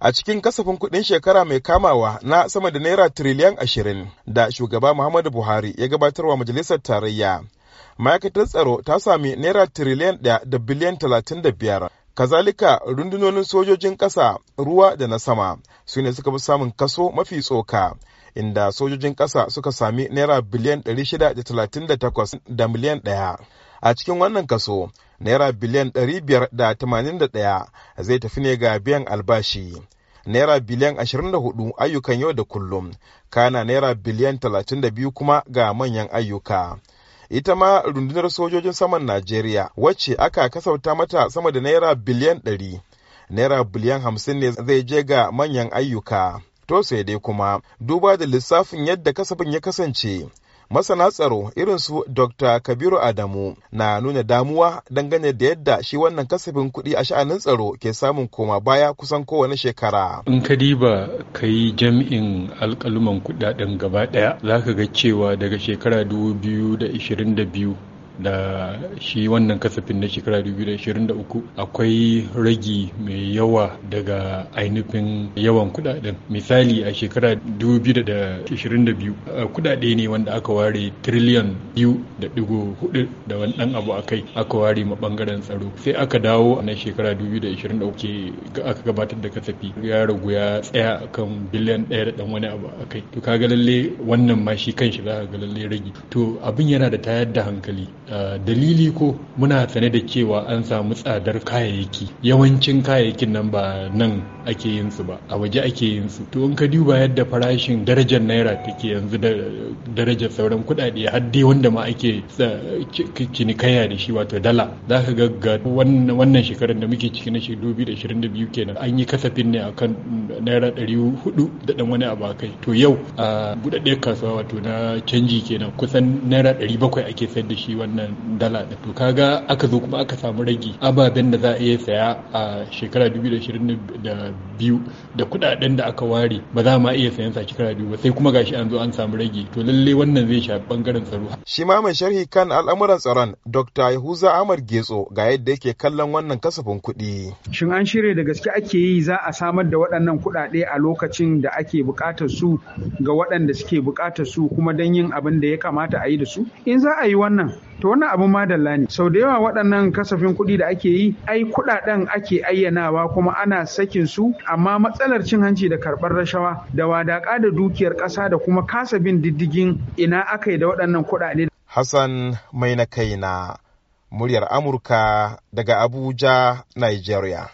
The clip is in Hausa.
a cikin kasafin kuɗin shekara mai kamawa na sama da naira tiriliyan ashirin da shugaba muhammadu buhari ya gabatarwa majalisar tarayya ma'aikatar tsaro ta sami naira tiriliyan ɗaya da biliyan talatin da biyar kazalika rundunonin sojojin ƙasa ruwa da na sama su ne suka fi samun kaso mafi tsoka inda sojojin ƙasa suka sami naira biliyan ɗari 638 da miliyan ɗaya a cikin wannan kaso naira biliyan 581 zai tafi ne ga biyan albashi naira biliyan 24 ayyukan yau da kullum kana naira biliyan 32 kuma ga manyan ayyuka ita ma rundunar sojojin saman najeriya wacce aka kasauta mata sama da naira biliyan 100 naira biliyan 50 ne zai je ga manyan ayyuka to sai dai kuma duba da lissafin yadda kasafin ya kasance masana tsaro irin su dr kabiru adamu na nuna damuwa dangane da yadda shi wannan kasafin kuɗi a sha'anin tsaro ke samun koma baya kusan kowane shekara in ka diba ka yi jam'in alkaluman kuɗaɗen gaba ɗaya za ka ga cewa daga shekara 2022 da shi wannan kasafin na shekara 2023 akwai ragi mai yawa daga ainihin yawan kudaden misali a shekara 2022 kudade ne wanda aka ware triliyan 2.4 da wani dan abu kai aka ware ma bangaren tsaro sai aka dawo a nan shekara 2023 ke aka gabatar da kasafi ya ragu ya tsaya kan biliyan 1 da dan wani abu a kai. to kaga lalle wannan ma shi kanshi za ka ga lalle ragi to abin yana da tayar da hankali Eh, dalili ko muna sane da cewa an samu tsadar kayayyaki yawancin kayayyakin nan ba nan ake yin su ba a waje ake yin su to in ka duba yadda farashin darajar naira take yanzu da darajar sauran kuɗaɗe har dai wanda ma ake cinikayya da shi wato dala za ka ga wannan shekarar da muke ciki na shekaru 2022 kenan an yi kasafin ne akan naira 400 da dan wani abu kai to yau a buɗaɗɗiyar kasuwa wato na canji kenan kusan naira 700 ake sayar da shi wannan dala da to kaga aka zo kuma aka samu ragi ababen da za a iya saya a shekara 2022 biyu da kuɗaɗen da aka ware ba za ma iya sayan saki kara biyu ba sai kuma gashi an zo an samu rage to lalle wannan zai shafi bangaren tsaro. Shi ma mai sharhi kan al'amuran tsaron Dr. Yahuza amar Getso ga yadda yake kallon wannan kasafin kuɗi. Shin an shirya da gaske ake yi za a samar da waɗannan kuɗaɗe a lokacin da ake buƙatar su ga waɗanda suke buƙatar su kuma don yin abin da ya kamata a yi da su? In za a yi wannan to wannan abu madalla ne sau da yawa waɗannan kasafin kuɗi da ake yi ai kuɗaɗen ake ayyanawa kuma ana sakin su amma matsalar cin hanci da karɓar rashawa da wadaƙa da dukiyar ƙasa da kuma kasa bin diddigin ina aka yi da waɗannan kuɗaɗe. Hassan mai na kai na muryar Amurka daga Abuja, Nigeria.